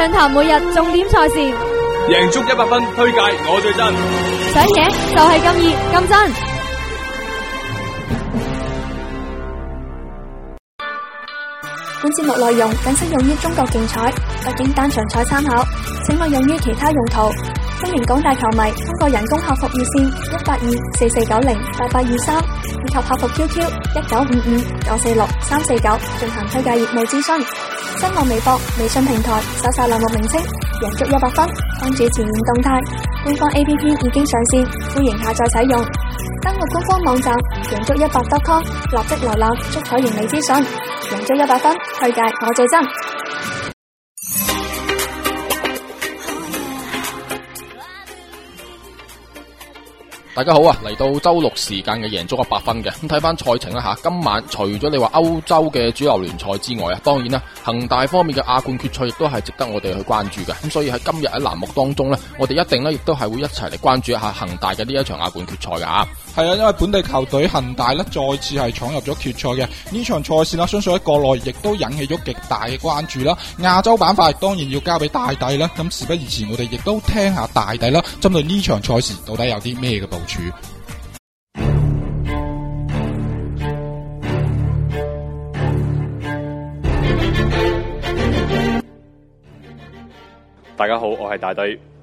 上台每日重點賽事，贏足一百分推介，我最真。想贏就係、是、咁易咁真。本節目內容僅適用於中國競彩，北京單場彩參考，請勿用於其他用途。歡迎廣大球迷通過人工客服熱線一八二四四九零八八二三以及客服 QQ 一九五五九四六三四九進行推介業務諮詢。新浪微博、微信平台搜索欄目名稱贏足一百分，關注前沿動態。官方 APP 已經上線，歡迎下載使用。登錄官方網站贏足一百 .com，立即瀏覽足彩盈利資訊。贏足一百分，推介我最真。大家好啊！嚟到周六時間嘅贏足一百分嘅，咁，睇翻賽程啦吓。今晚除咗你話歐洲嘅主流聯賽之外啊，當然啦，恒大方面嘅亞冠決賽亦都係值得我哋去關注嘅。咁所以喺今日喺欄目當中呢，我哋一定呢亦都係會一齊嚟關注一下恒大嘅呢一場亞冠決賽嘅啊！係啊，因為本地球隊恒大咧再次係闖入咗決賽嘅呢場賽事啦，相信喺國內亦都引起咗極大嘅關注啦。亞洲板塊當然要交俾大帝啦。咁事不宜遲，我哋亦都聽下大帝啦。針對呢場賽事，到底有啲咩嘅部署？大家好，我係大帝。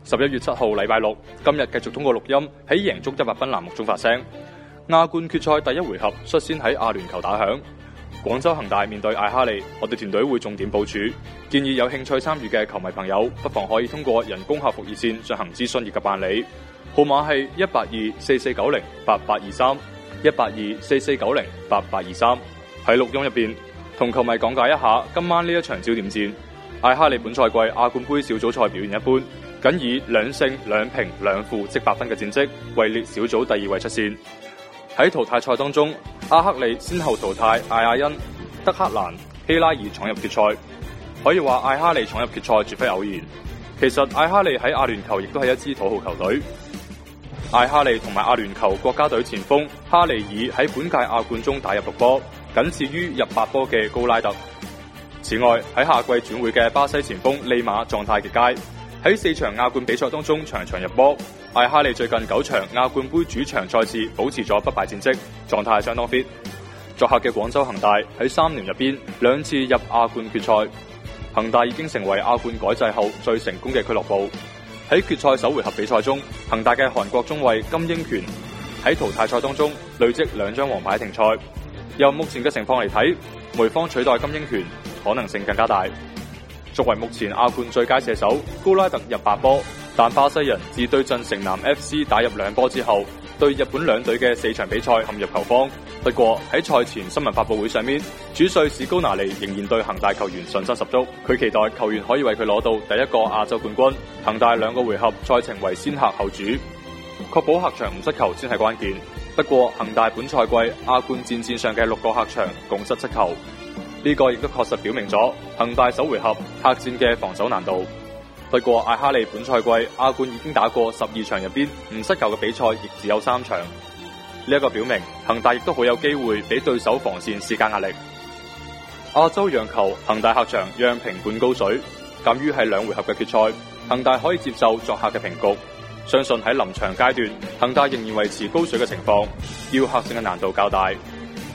十一月七號禮拜六，今日繼續通過錄音喺贏足一百分欄目中發聲。亞冠決賽第一回合率先喺阿聯酋打響，廣州恒大面對艾哈利，我哋團隊會重點部署，建議有興趣參與嘅球迷朋友，不妨可以通過人工客服熱線進行諮詢以及辦理，號碼係一八二四四九零八八二三一八二四四九零八八二三。喺錄音入邊同球迷講解一下今晚呢一場焦點戰，艾哈利本賽季亞冠杯小組賽表現一般。僅以兩勝兩平兩負積八分嘅戰績位列小組第二位出線。喺淘汰賽當中，阿克利先後淘汰艾亞恩、德克蘭、希拉爾闖入決賽。可以話艾哈利闖入決賽絕非偶然。其實艾哈利喺阿聯酋亦都係一支土豪球隊。艾哈利同埋阿聯酋國家隊前鋒哈利爾喺本屆亞冠中打入六波，僅次於入八波嘅高拉特。此外喺夏季轉會嘅巴西前鋒利馬狀態極佳。喺四場亞冠比賽當中，場場入波。艾哈利最近九場亞冠盃主場賽事保持咗不敗戰績，狀態相當 fit。作客嘅廣州恒大喺三年入邊兩次入亞冠決賽，恒大已經成為亞冠改制後最成功嘅俱樂部。喺決賽首回合比賽中，恒大嘅韓國中衛金英權喺淘汰賽當中累積兩張黃牌停賽。由目前嘅情況嚟睇，梅方取代金英權可能性更加大。作為目前亞冠最佳射手，高拉特入八波，但巴西人自對陣城南 FC 打入兩波之後，對日本兩隊嘅四場比賽陷入球荒。不過喺賽前新聞發佈會上面，主帥史高拿利仍然對恒大球員信心十足，佢期待球員可以為佢攞到第一個亞洲冠軍。恒大兩個回合賽程為先客後主，確保客場唔失球先係關鍵。不過恒大本賽季亞冠戰線上嘅六個客場共失七球。呢個亦都確實表明咗恒大首回合客戰嘅防守難度。不過艾哈利本賽季亞冠已經打過十二場，入邊唔失球嘅比賽亦只有三場。呢一個表明恒大亦都好有機會俾對手防線施加壓力。亞洲讓球，恒大客場讓平半高水，鑒於係兩回合嘅決賽，恒大可以接受作客嘅平局。相信喺臨場階段，恒大仍然維持高水嘅情況，要客勝嘅難度較大。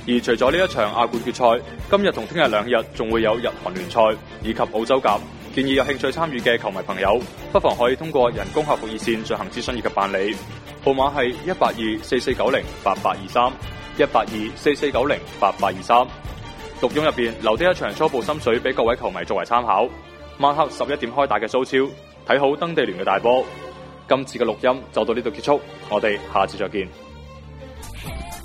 而除咗呢一場亞冠決賽，今日同聽日兩日仲會有日韓聯賽以及澳洲甲，建議有興趣參與嘅球迷朋友，不妨可以通過人工客服熱線進行諮詢以及辦理，號碼係一八二四四九零八八二三一八二四四九零八八二三。錄音入邊留低一場初步心水俾各位球迷作為參考。晚黑十一點開打嘅蘇超，睇好登地聯嘅大波。今次嘅錄音就到呢度結束，我哋下次再見。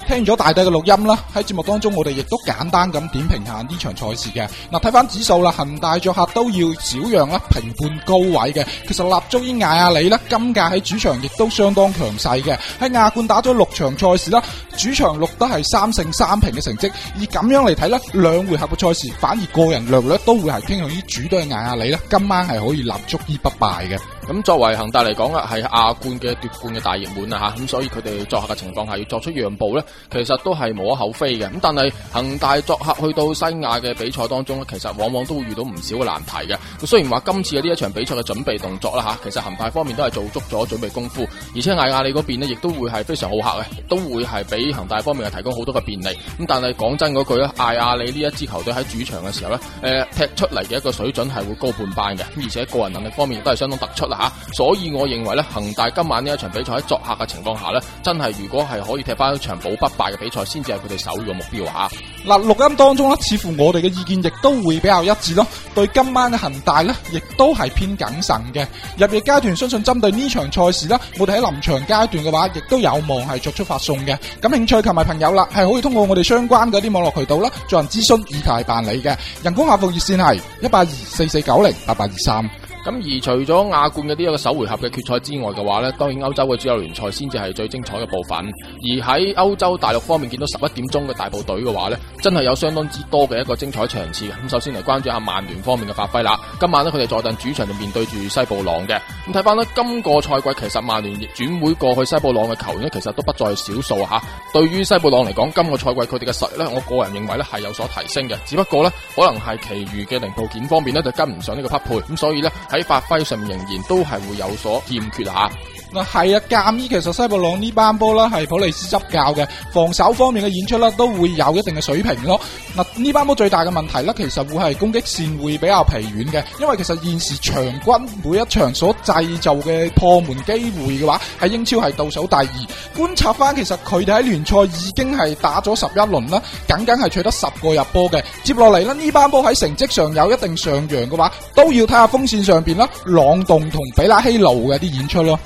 聽咗大帝嘅錄音啦，喺節目當中我哋亦都簡單咁點評下呢場賽事嘅。嗱，睇翻指數啦，恒大作客都要少讓啦，平半高位嘅。其實立足於亞亞里呢，今屆喺主場亦都相當強勢嘅。喺亞冠打咗六場賽事啦，主場錄得係三勝三平嘅成績。而咁樣嚟睇呢，兩回合嘅賽事反而個人略略都會係傾向於主隊亞亞里呢，今晚係可以立足於不敗嘅。咁作為恒大嚟講啊係亞冠嘅奪冠嘅大熱門啊吓，咁所以佢哋作客嘅情況下要作出讓步咧，其實都係無可厚非嘅。咁但係恒大作客去到西亞嘅比賽當中咧，其實往往都會遇到唔少嘅難題嘅。雖然話今次嘅呢一場比賽嘅準備動作啦吓、啊，其實恒大方面都係做足咗準備功夫，而且艾亞里嗰邊咧亦都會係非常好客嘅，都會係俾恒大方面係提供好多嘅便利。咁但係講真句咧，艾亞里呢一支球隊喺主場嘅時候咧，誒、呃、踢出嚟嘅一個水準係會高半班嘅，而且個人能力方面都係相當突出啦。吓、啊，所以我認為咧，恒大今晚呢一場比賽喺作客嘅情況下咧，真係如果係可以踢翻一場保不敗嘅比賽，先至係佢哋首要嘅目標吓。嗱、啊，錄、啊、音當中咧，似乎我哋嘅意見亦都會比較一致咯，對今晚嘅恒大咧，亦都係偏謹慎嘅。入夜階段，相信針對這場賽呢場賽事咧，我哋喺臨場階段嘅話，亦都有望係作出發送嘅。咁，興趣球迷朋友啦，係可以通過我哋相關嗰啲網絡渠道啦，進行諮詢以及辦理嘅人工客服熱線係一八二四四九零八八二三。咁而除咗亞冠嘅呢一個首回合嘅決賽之外嘅話呢，當然歐洲嘅主要聯賽先至係最精彩嘅部分。而喺歐洲大陸方面見到十一點鐘嘅大部隊嘅話呢，真係有相當之多嘅一個精彩場次。咁首先嚟關注一下曼聯方面嘅發揮啦。今晚呢，佢哋坐陣主場就面，面對住西布朗嘅。咁睇翻呢，今個賽季其實曼聯轉會過去西布朗嘅球員呢，其實都不在少數吓。對於西布朗嚟講，今個賽季佢哋嘅實力呢，我個人認為呢係有所提升嘅。只不過呢，可能係其餘嘅零部件方面呢，就跟唔上呢個匹配，咁所以呢。喺發揮上仍然都係會有所欠缺吓。嗱係啊，鑑於其實西布朗班呢班波啦係普利斯執教嘅，防守方面嘅演出啦都會有一定嘅水平咯。嗱、啊、呢班波最大嘅問題咧，其實會係攻擊線會比較疲軟嘅，因為其實現時場均每一場所製造嘅破門機會嘅話，喺英超係倒數第二。觀察翻，其實佢哋喺聯賽已經係打咗十一輪啦，僅僅係取得十個入波嘅。接落嚟咧，呢班波喺成績上有一定上揚嘅話，都要睇下鋒線上邊啦，朗動同比拉希奴嘅啲演出咯。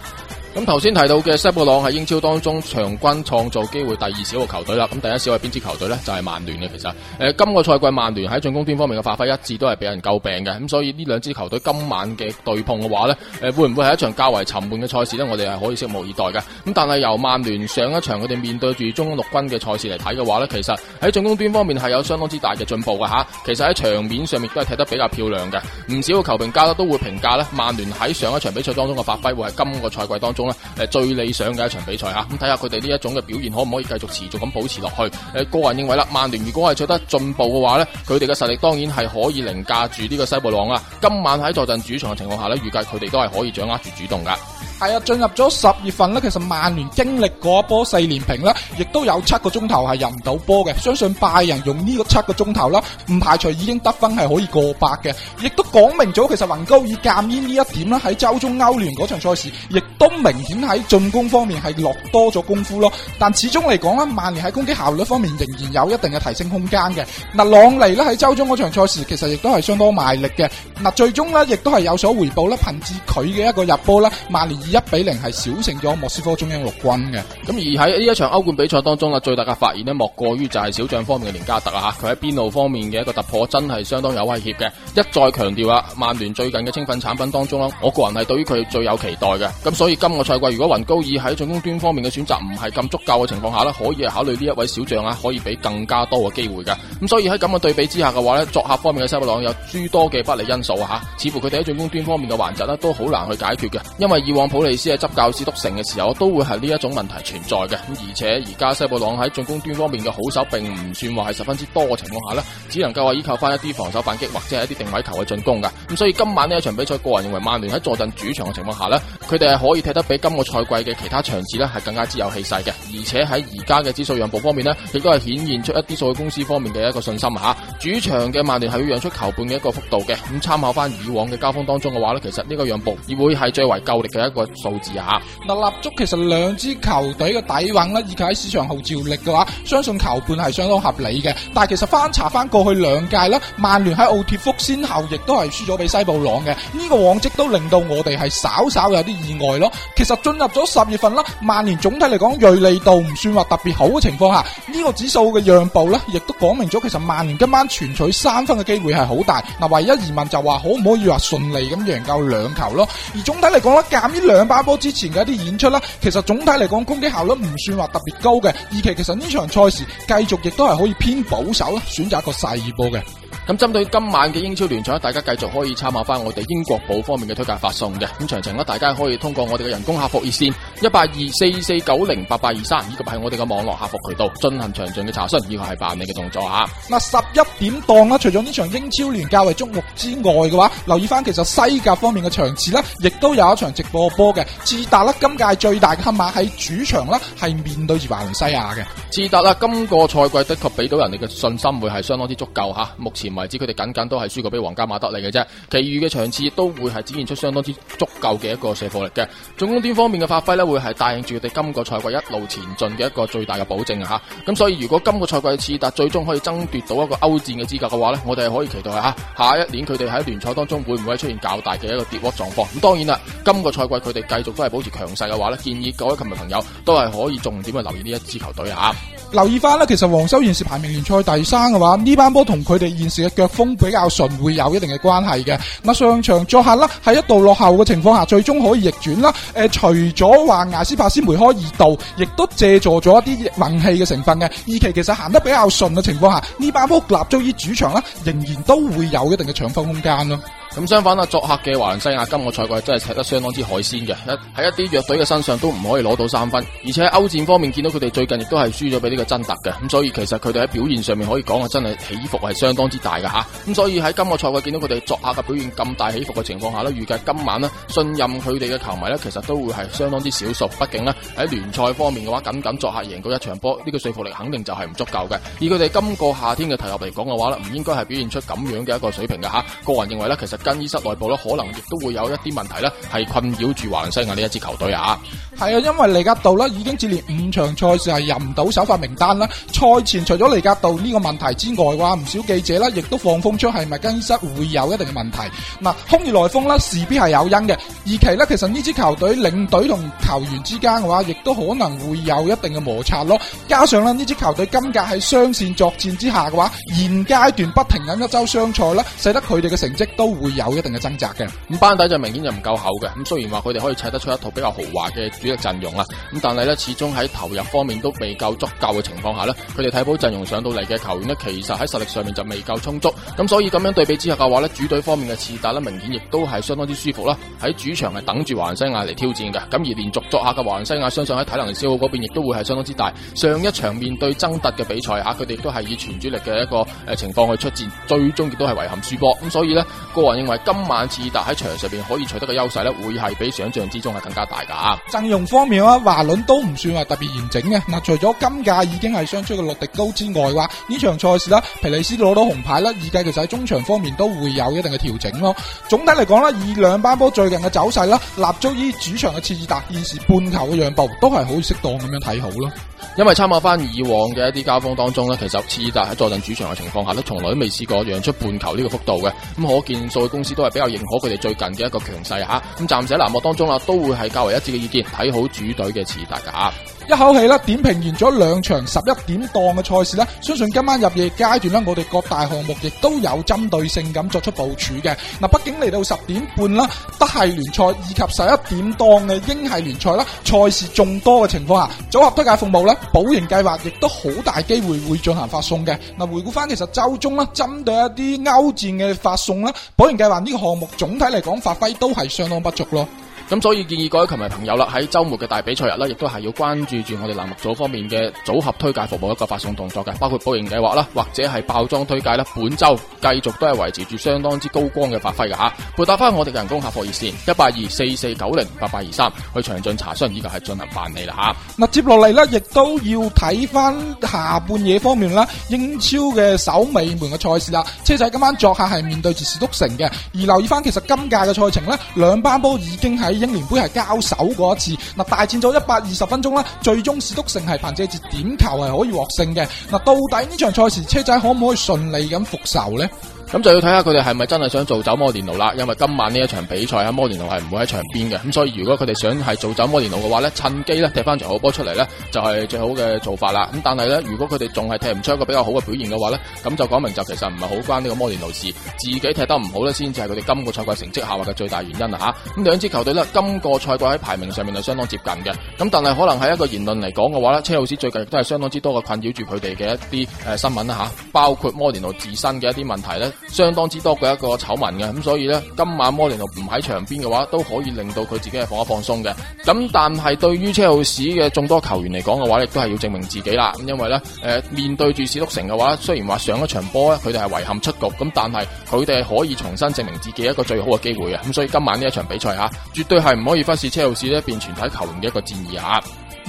咁頭先提到嘅西布朗喺英超當中場均創造機會第二少嘅球隊啦，咁第一少係邊支球隊呢？就係、是、曼聯嘅其實。誒、呃，今個賽季曼聯喺進攻端方面嘅發揮一直都係俾人詬病嘅，咁所以呢兩支球隊今晚嘅對碰嘅話呢，誒，會唔會係一場較為沉悶嘅賽事呢？我哋係可以拭目以待嘅。咁但係由曼聯上一場佢哋面對住中央陸軍嘅賽事嚟睇嘅話呢，其實喺進攻端方面係有相當之大嘅進步嘅吓。其實喺場面上面都係踢得比較漂亮嘅，唔少嘅球評家都會評價呢，曼聯喺上一場比賽當中嘅發揮會係今個賽季當中誒，最理想嘅一場比賽吓，咁睇下佢哋呢一種嘅表現可唔可以繼續持續咁保持落去？誒，個人認為啦，曼聯如果係取得進步嘅話咧，佢哋嘅實力當然係可以凌駕住呢個西布朗啦。今晚喺坐鎮主場嘅情況下咧，預計佢哋都係可以掌握住主動噶。係啊，進、嗯、入咗十月份咧，其實曼聯經歷嗰波四連平啦，亦都有七個鐘頭係入唔到波嘅。相信拜仁用呢個七個鐘頭啦，唔排除已經得分係可以過百嘅。亦都講明咗，其實雲高爾鑒於呢一點啦。喺周中歐聯嗰場賽事，亦都明顯喺進攻方面係落多咗功夫咯。但始終嚟講咧，曼聯喺攻擊效率方面仍然有一定嘅提升空間嘅。嗱，朗尼呢喺周中嗰場賽事，其實亦都係相當賣力嘅。嗱，最終呢，亦都係有所回報啦，憑住佢嘅一個入波啦，曼聯，一比零係小勝咗莫斯科中央陸軍嘅，咁而喺呢一場歐冠比賽當中啦，最大嘅發現咧，莫過於就係小將方面嘅連加特啊，佢喺邊路方面嘅一個突破真係相當有威脅嘅。一再強調啦，曼聯最近嘅青訓產品當中啦，我個人係對於佢最有期待嘅。咁所以今個賽季如果雲高爾喺進攻端方面嘅選擇唔係咁足夠嘅情況下咧，可以考慮呢一位小將啊，可以俾更加多嘅機會嘅。咁所以喺咁嘅對比之下嘅話咧，作客方面嘅西布朗有諸多嘅不利因素吓，似乎佢哋喺進攻端方面嘅環節咧都好難去解決嘅，因為以往普利斯喺執教史篤城嘅時候，都會係呢一種問題存在嘅。咁而且而家西布朗喺進攻端方面嘅好手並唔算話係十分之多嘅情況下呢，只能夠話依靠翻一啲防守反擊或者係一啲定位球嘅進攻嘅。咁所以今晚呢一場比賽，個人認為曼聯喺坐鎮主場嘅情況下呢，佢哋係可以踢得比今個賽季嘅其他場次呢係更加之有氣勢嘅。而且喺而家嘅指數讓步方面呢，亦都係顯現出一啲數據公司方面嘅一個信心啊！吓主場嘅曼聯係要讓出球半嘅一個幅度嘅。咁參考翻以往嘅交鋒當中嘅話呢，其實呢個讓步亦會係最為夠力嘅一個。數字吓、啊、嗱，立足，其實兩支球隊嘅底蘊啦，以及喺市場號召力嘅話，相信球盤係相當合理嘅。但係其實翻查翻過去兩屆啦，曼聯喺奧鐵福先後亦都係輸咗俾西布朗嘅，呢、這個往績都令到我哋係稍稍有啲意外咯。其實進入咗十月份啦，曼聯總體嚟講銳利度唔算話特別好嘅情況下，呢、這個指數嘅讓步咧，亦都講明咗其實曼聯今晚全取三分嘅機會係好大。嗱，唯一疑問就話可唔可以話順利咁贏夠兩球咯？而總體嚟講咧，減呢兩把波之前嘅一啲演出啦，其實總體嚟講攻擊效率唔算話特別高嘅。而其實呢場賽事繼續亦都係可以偏保守咯，選擇一個細波嘅。咁針對今晚嘅英超聯賽，大家繼續可以參考翻我哋英國寶方面嘅推介發送嘅。咁詳情呢，大家可以通過我哋嘅人工客服熱綫一八二四四九零八八二三，以及係我哋嘅網絡客服渠道進行詳盡嘅查詢，以及係辦理嘅動作吓。嗱，十一點檔啦，除咗呢場英超聯較為矚目之外嘅話，留意翻其實西甲方面嘅場次呢，亦都有一場直播嘅波嘅。智達啦，今屆最大嘅黑馬喺主場啦，係面對住華倫西亞嘅。智達啦，今個賽季的確俾到人哋嘅信心會係相當之足夠吓。目前。唔係止，佢哋僅僅都係輸過俾皇家馬德里嘅啫，其餘嘅場次亦都會係展現出相當之足夠嘅一個射門火力嘅。總攻端方面嘅發揮呢，會係帶領住佢哋今個賽季一路前進嘅一個最大嘅保證吓。咁、啊、所以，如果今個賽季次達最終可以爭奪到一個歐戰嘅資格嘅話呢，我哋係可以期待下。下一年佢哋喺聯賽當中會唔會出現較大嘅一個跌落狀況？咁、嗯、當然啦，今個賽季佢哋繼續都係保持強勢嘅話呢，建議各位球迷朋友都係可以重點去留意呢一支球隊、啊留意翻咧，其實黃修現時排名聯賽第三嘅話，呢班波同佢哋現時嘅腳風比較順，會有一定嘅關係嘅。嗱，上場作客啦，喺一度落後嘅情況下，最終可以逆轉啦。誒、呃，除咗話牙斯帕斯梅開二度，亦都借助咗一啲運氣嘅成分嘅。二期其實行得比較順嘅情況下，呢班波立足於主場啦，仍然都會有一定嘅搶分空間咯。咁相反啦，作客嘅華倫西亞今個賽季真係食得相當之海鮮嘅，喺一啲弱隊嘅身上都唔可以攞到三分，而且喺歐戰方面見到佢哋最近亦都係輸咗俾呢個真特嘅，咁所以其實佢哋喺表現上面可以講係真係起伏係相當之大嘅吓，咁所以喺今個賽季見到佢哋作客嘅表現咁大起伏嘅情況下呢，預計今晚呢，信任佢哋嘅球迷呢，其實都會係相當之少數，畢竟呢，喺聯賽方面嘅話，僅僅作客贏過一場波，呢個說服力肯定就係唔足夠嘅，以佢哋今個夏天嘅投入嚟講嘅話呢，唔應該係表現出咁樣嘅一個水平嘅吓，個人認為呢，其實。更衣室內部咧，可能亦都會有一啲問題咧，係困擾住華倫西亞呢一支球隊啊。係啊，因為利格道咧已經接連五場賽事係入唔到首發名單啦。賽前除咗利格道呢個問題之外嘅話，唔少記者咧亦都放風出係咪更衣室會有一定嘅問題。嗱，空穴來風啦，事必係有因嘅。而其咧，其實呢支球隊領隊同球員之間嘅話，亦都可能會有一定嘅摩擦咯。加上咧，呢支球隊今屆喺雙線作戰之下嘅話，現階段不停緊一週雙賽咧，使得佢哋嘅成績都會。有一定嘅掙扎嘅，咁班底就明顯就唔夠厚嘅。咁雖然話佢哋可以砌得出一套比較豪華嘅主力陣容啦，咁但係咧始終喺投入方面都未夠足夠嘅情況下咧，佢哋替補陣容上到嚟嘅球員咧，其實喺實力上面就未夠充足。咁所以咁樣對比之下嘅話咧，主隊方面嘅士氣咧明顯亦都係相當之舒服啦。喺主場係等住華倫西亞嚟挑戰嘅，咁而連續作客嘅華倫西亞，相信喺體能消耗嗰邊亦都會係相當之大。上一場面對爭突嘅比賽吓，佢哋都係以全主力嘅一個誒情況去出戰，最終亦都係遺憾輸波。咁所以咧個人。認為今晚切爾達喺場上邊可以取得嘅優勢咧，會係比想象之中係更加大噶。陣容方面咧，華倫都唔算話特別完整嘅。嗱，除咗今屆已經係雙出嘅落迪高之外，話呢場賽事咧，皮利斯攞到紅牌咧，預計其實喺中場方面都會有一定嘅調整咯。總體嚟講咧，以兩班波最近嘅走勢咧，立足於主場嘅切爾達現時半球嘅讓步，都係可以適當咁樣睇好咯。因為參考翻以往嘅一啲交鋒當中咧，其實切爾達喺坐鎮主場嘅情況下咧，從來都未試過讓出半球呢個幅度嘅。咁可見數。公司都係比較認可佢哋最近嘅一個強勢吓，咁暫時喺欄目當中啦，都會係較為一致嘅意見，睇好主隊嘅次大價。一口氣啦，點評完咗兩場十一點檔嘅賽事呢，相信今晚入夜階段呢，我哋各大項目亦都有針對性咁作出部署嘅。嗱，畢竟嚟到十點半啦，德系聯賽以及十一點檔嘅英系聯賽啦，賽事眾多嘅情況下，組合推介服務呢，保盈計劃亦都好大機會會進行發送嘅。嗱，回顧翻其實周中啦，針對一啲歐戰嘅發送啦，保盈計劃呢個項目總體嚟講發揮都係相當不足咯。咁所以建議各位球迷朋友啦，喺周末嘅大比賽日啦，亦都係要關注住我哋欄目組方面嘅組合推介服務一個發送動作嘅，包括保型計劃啦，或者係爆裝推介啦，本周繼續都係維持住相當之高光嘅發揮嘅吓。撥、啊、打翻我哋人工客服熱線一八二四四九零八八二三去詳盡查詢以及係進行辦理啦吓。嗱、啊，接落嚟咧，亦都要睇翻下半夜方面啦，英超嘅守尾門嘅賽事啦，車仔今晚作客係面對住史篤城嘅，而留意翻其實今屆嘅賽程咧，兩班波已經喺。英聯盃係交手過一次，嗱，大戰咗一百二十分鐘啦，最終史篤城係憑借住點球係可以獲勝嘅。嗱，到底呢場賽事車仔可唔可以順利咁復仇咧？咁就要睇下佢哋係咪真係想做走摩連奴啦，因為今晚呢一場比賽啊，摩連奴係唔會喺場邊嘅，咁所以如果佢哋想係做走摩連奴嘅話呢，趁機咧踢翻，最好波出嚟呢，就係最好嘅做法啦。咁但係呢，如果佢哋仲係踢唔出一個比較好嘅表現嘅話呢，咁就講明就其實唔係好關呢個摩連奴事，自己踢得唔好呢，先至係佢哋今個賽季成績下滑嘅最大原因啊！吓，咁兩支球隊呢，今個賽季喺排名上面係相當接近嘅，咁、啊、但係可能喺一個言論嚟講嘅話呢，車路士最近都係相當之多嘅困擾住佢哋嘅一啲誒、呃、新聞啦、啊、包括摩連奴自身嘅一啲問題呢。相當之多嘅一個醜聞嘅，咁所以呢，今晚摩連奴唔喺場邊嘅話，都可以令到佢自己係放一放鬆嘅。咁但係對於車路士嘅眾多球員嚟講嘅話，亦都係要證明自己啦。咁因為呢，誒、呃、面對住史篤城嘅話，雖然話上一場波咧，佢哋係遺憾出局，咁但係佢哋係可以重新證明自己一個最好嘅機會嘅。咁所以今晚呢一場比賽吓、啊，絕對係唔可以忽視車路士呢一邊全體球員嘅一個戰意啊！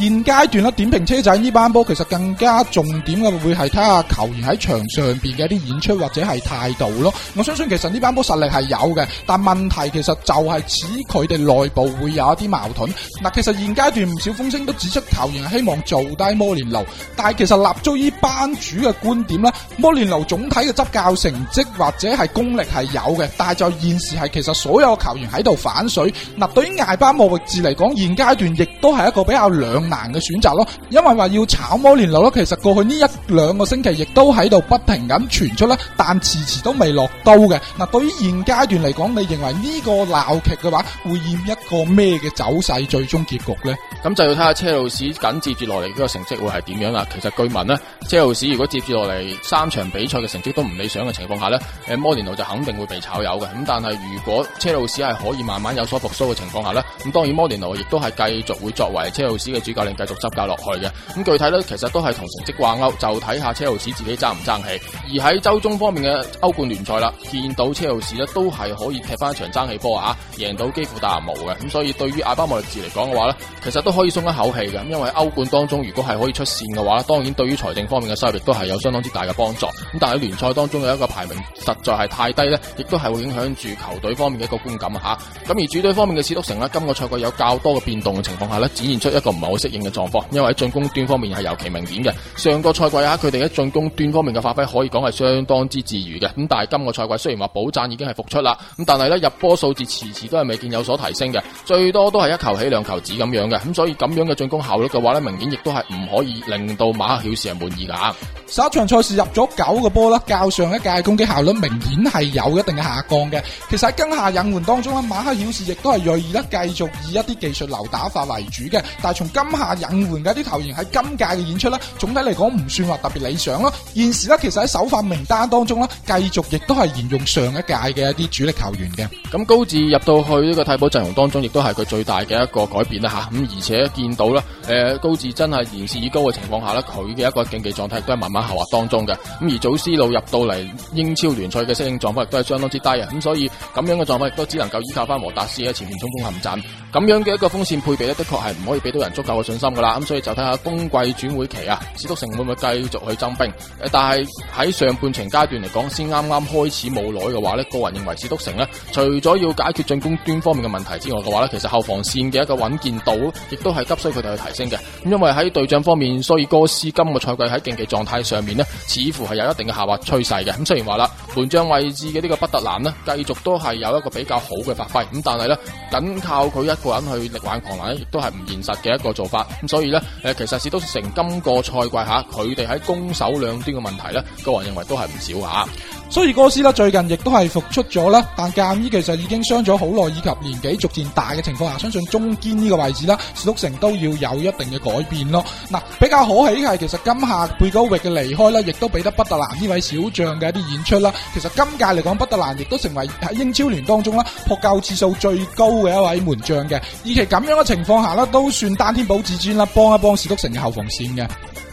現階段啦，點評車仔呢班波，其實更加重點嘅會係睇下球員喺場上邊嘅一啲演出或者係態度咯。我相信其實呢班波實力係有嘅，但問題其實就係指佢哋內部會有一啲矛盾。嗱、啊，其實現階段唔少風聲都指出球員係希望做低摩連奴，但係其實立足於班主嘅觀點啦，摩連奴總體嘅執教成績或者係功力係有嘅，但係就現時係其實所有球員喺度反水。嗱、啊，對於艾班莫域治嚟講，現階段亦都係一個比較兩。難嘅選擇咯，因為話要炒摩連奴咯。其實過去呢一兩個星期亦都喺度不停咁傳出啦，但遲遲都未落到嘅。嗱，對於現階段嚟講，你認為呢個鬧劇嘅話會演一個咩嘅走勢最終結局咧？咁就要睇下車路士緊接住落嚟嗰個成績會係點樣啦。其實據聞咧，車路士如果接住落嚟三場比賽嘅成績都唔理想嘅情況下咧，誒摩連奴就肯定會被炒魷嘅。咁但係如果車路士係可以慢慢有所復蘇嘅情況下咧，咁當然摩連奴亦都係繼續會作為車路士嘅教練繼續執教落去嘅，咁具體咧其實都係同成績掛鈎，就睇下車路士自己爭唔爭氣。而喺周中方面嘅歐冠聯賽啦，見到車路士呢都係可以踢翻一場爭氣波啊，贏到幾乎大無嘅。咁所以對於阿巴莫利治嚟講嘅話呢，其實都可以鬆一口氣嘅，因為歐冠當中如果係可以出線嘅話，當然對於財政方面嘅收入都係有相當之大嘅幫助。咁但喺聯賽當中嘅一個排名實在係太低呢，亦都係會影響住球隊方面嘅一個觀感啊。咁而主隊方面嘅史篤城呢，今個賽季有較多嘅變動嘅情況下呢，展現出一個唔係好。適應嘅狀況，因為喺進攻端方面係尤其明顯嘅。上個賽季啊，佢哋喺進攻端方面嘅發揮可以講係相當之自如嘅。咁但係今個賽季雖然話保贊已經係復出啦，咁但係咧，入波數字遲遲都係未見有所提升嘅，最多都係一球起兩球止咁樣嘅。咁所以咁樣嘅進攻效率嘅話咧，明顯亦都係唔可以令到馬克小時係滿意噶。十一場賽事入咗九個波啦，較上一屆攻擊效率明顯係有一定的下降嘅。其實喺今夏引援當中咧，馬克小時亦都係銳意咧繼續以一啲技術流打法為主嘅，但係從今下引援嘅一啲球員喺今屆嘅演出咧，總體嚟講唔算話特別理想咯。現時咧，其實喺首發名單當中咧，繼續亦都係沿用上一屆嘅一啲主力球員嘅。咁高智入到去呢個替補陣容當中，亦都係佢最大嘅一個改變啦、啊、吓，咁、嗯、而且見到啦，誒、呃、高智真係年事已高嘅情況下咧，佢嘅一個競技狀態都係慢慢下滑當中嘅。咁、嗯、而祖斯路入到嚟英超聯賽嘅適應狀況亦都係相當之低嘅。咁、嗯、所以咁樣嘅狀況亦都只能夠依靠翻和達斯喺前面衝鋒陷陣，咁樣嘅一個鋒線配備呢，的確係唔可以俾到人足夠信心噶啦，咁、嗯、所以就睇下冬季轉會期啊，史篤城會唔會繼續去增兵？誒，但係喺上半程階段嚟講，先啱啱開始冇耐嘅話呢，個人認為史篤城呢，除咗要解決進攻端方面嘅問題之外嘅話呢，其實後防線嘅一個穩健度，亦都係急需佢哋去提升嘅。咁因為喺隊長方面，蘇爾哥斯今個賽季喺競技狀態上面呢，似乎係有一定嘅下滑趨勢嘅。咁雖然話啦，門將位置嘅呢個不特蘭呢，繼續都係有一個比較好嘅發揮，咁但係呢，僅靠佢一個人去力挽狂瀾，亦都係唔現實嘅一個做。咁所以咧，誒其實士多城今個賽季吓，佢哋喺攻守兩端嘅問題咧，個人認為都係唔少吓。所以哥斯最近亦都係復出咗啦，但鑑於其實已經傷咗好耐以及年紀逐漸大嘅情況下，相信中堅呢個位置啦，史篤城都要有一定嘅改變咯。嗱，比較可喜嘅係其實今夏貝高域嘅離開呢，亦都俾得畢特蘭呢位小將嘅一啲演出啦。其實今屆嚟講，畢特蘭亦都成為喺英超聯當中啦撲救次數最高嘅一位門將嘅。以其咁樣嘅情況下都算單天保至尊啦，幫一幫史篤城嘅後防線嘅。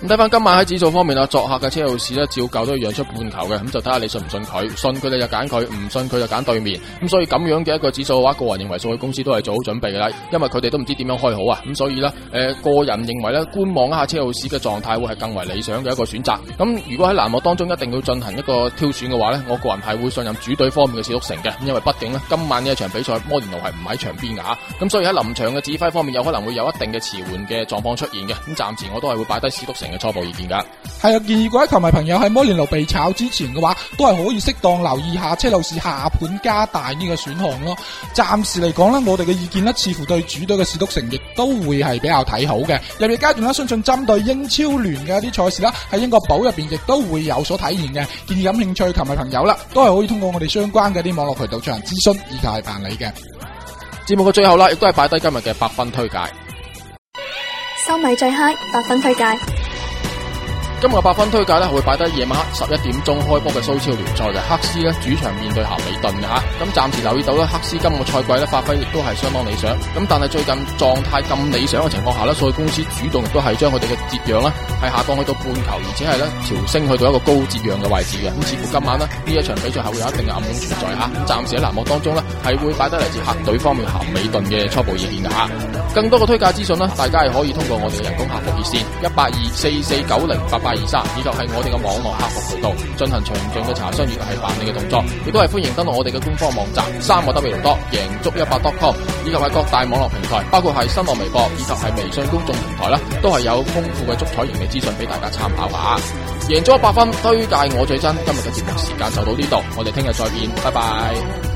睇翻今晚喺指數方面啊，作客嘅車路士咧，照舊都要讓出半球嘅，咁就睇下你信唔信佢，信佢就揀佢，唔信佢就揀對面。咁所以咁樣嘅一個指數嘅話，個人認為數據公司都係做好準備嘅啦，因為佢哋都唔知點樣開好啊。咁所以呢，誒、呃，個人認為咧，觀望一下車路士嘅狀態會係更為理想嘅一個選擇。咁如果喺籃幕當中一定要進行一個挑選嘅話呢，我個人係會信任主隊方面嘅史篤城嘅，因為畢竟咧，今晚呢一場比賽摩連奴係唔喺場邊嘅吓，咁所以喺臨場嘅指揮方面有可能會有一定嘅遲緩嘅狀況出現嘅。咁暫時我都係會擺低史篤城。初步意見噶，係啊！建議各位球迷朋友喺摩連奴被炒之前嘅話，都係可以適當留意一下車路士下盤加大呢個選項咯。暫時嚟講呢，我哋嘅意見呢，似乎對主隊嘅史篤城亦都會係比較睇好嘅。入邊階段呢，相信針對英超聯嘅一啲賽事啦，喺英國寶入邊亦都會有所體現嘅。建議感興趣球迷朋友啦，都係可以通過我哋相關嘅啲網絡渠道進行諮詢以及係辦理嘅。節目嘅最後啦，亦都係擺低今日嘅百分推介，收米最嗨，百分推介。今日嘅八分推介咧，會擺低夜晚黑十一點鐘開波嘅蘇超聯賽，就係黑斯咧主場面對咸美頓嘅吓。咁暫時留意到咧，黑斯今個賽季咧發揮亦都係相當理想。咁但係最近狀態咁理想嘅情況下咧，所以公司主動亦都係將佢哋嘅折讓咧係下降去到半球，而且係咧調升去到一個高折讓嘅位置嘅。咁似乎今晚呢，呢一場比賽係會有一定嘅暗湧存在吓。咁暫時喺欄目當中咧係會擺低嚟自客隊方面咸美頓嘅初步意見嘅吓。更多嘅推介資訊呢，大家係可以通過我哋嘅人工客服熱線一八二四四九零八。二三，以及係我哋嘅網絡客服渠道進行詳盡嘅查詢以及係辦理嘅動作，亦都係歡迎登錄我哋嘅官方網站三個 W 多贏足一百多趟，com, 以及喺各大網絡平台，包括係新浪微博以及係微信公眾平台啦，都係有豐富嘅足彩贏利資訊俾大家參考一下。贏足一百 FUN，推介我最真。今日嘅節目時間就到呢度，我哋聽日再見，拜拜。